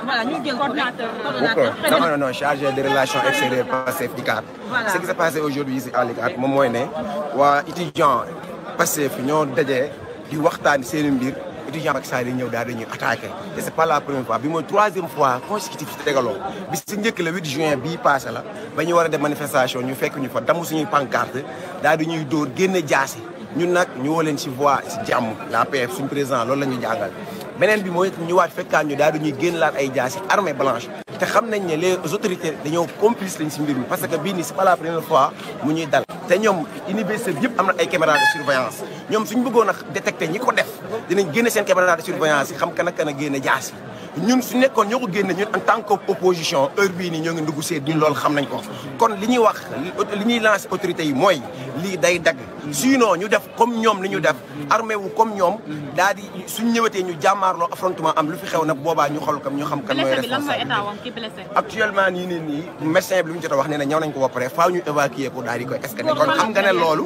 voilà ñu jël coordinateur non non non chargé de relations extérieures Pastef ICAT. voilà ce qui s'est passé aujourd'hui ici à l'ICAT moom mooy ne waa étudiant Pastef ñoo dajee di waxtaan seen mbir étudiant Macky Sall yi ñëw daal dañuy attaqué te c'est pas la première fois bi mooy troisième fois consécutif ci tegaloo bi si njëkk la 8 juin bii passé la ba ñu war a def manifestation ñu fekk ñu fa damm suñuy pancarte daal di ñuy dóor génne jaasi ñun nag ñu woo leen si voie si jàmm la PF suñu loolu la ñu jàngal beneen bi mooy ñu waaj fekkaan ñu daal di ñuy génn laat ay jaasi armée blanche te xam nañ ne les autorités dañoo complice lañ si mbir mi parce que bii nii c'est pas la fois mu ñuy dal te ñoom université bi yëpp am na ay caméra de surveillance ñoom suñ bëggoon a détecté ñi ko def dinañ génne seen caméra de surveillance yi xam kan ak kan a génne jaasi ñun su nekkoon ñoo ko génne ñun en tant que opposition heure bii nii ñoo ngi dugg seet ñun loolu xam nañ ko kon li ñuy wax li ñuy lancer autorité yi mooy lii day dagg sinon ñu def comme ñoom li ñu def armé wu comme ñoom daal di suñ ñëweetee ñu jàmmaarloo affrontement am lu fi xew nag boobaa ñu xool kam ñu xam ka mooy responsabilité actuellement nii nii nii médecin bi lu ñu jot a wax ne ne ñëw nañ ko ba pare faaw ñu évacuer ko daal di koy scanner kon xam nga ne loolu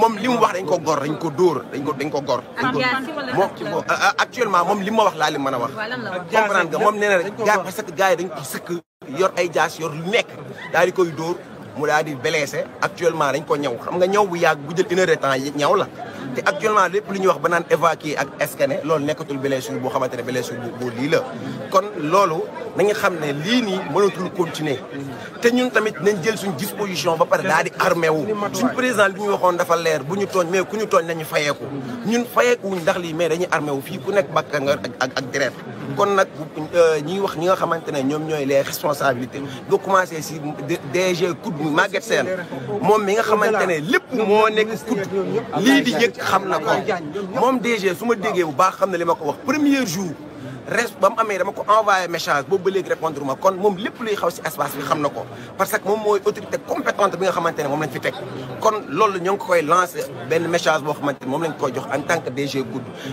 moom li mu wax dañ ko gor dañ ko dóor dañ ko dañ ko gor moom actuellement moom li ma wax laa li man a wax comprendre nga moom nee na rek gars parce que gars yi dañ ko sëkk yor ay jaas yor lu nekk daal koy dóor mu daal di actuellement dañ ko ñëw xam nga ñëw bu yàgg bu jël une heure yi te actuellement lépp lu ñu wax ba naan évacuer ak scanner loolu nekkatul blessure boo xamante ne blessure bu lii la kon loolu na nañu xam ne lii nii mënatul continuer te ñun tamit nañ jël suñ disposition ba pare daal di armé wu suñ président li ñu waxoon dafa leer bu ñu tooñ mais ku ñu tooñ nañu fayeeku ñun fayeeku wuñ ndax lii mais dañuy armé wu fii ku nekk bakka nga ak ak deret kon nag euh, ñi wax ñi nga xamante ne ñoom ñooy les responsabilités nga commencé si DG COUD mu Maguette moom mi nga xamante ne lépp moo nekk COUD lii di xam na ko moom DG su ma déggee bu baax xam na li ma ko wax premier jour res ba amee dama ko envoyé message boobu ba léegi répondre ma kon moom lépp luy xaw si espace bi xam na ko parce que moom mooy autorité compétente bi nga xamante ne moom lañ fi teg kon loolu ñoo ngi koy lancé benn message boo xamante moom lañ koy jox en tant que DG Goudou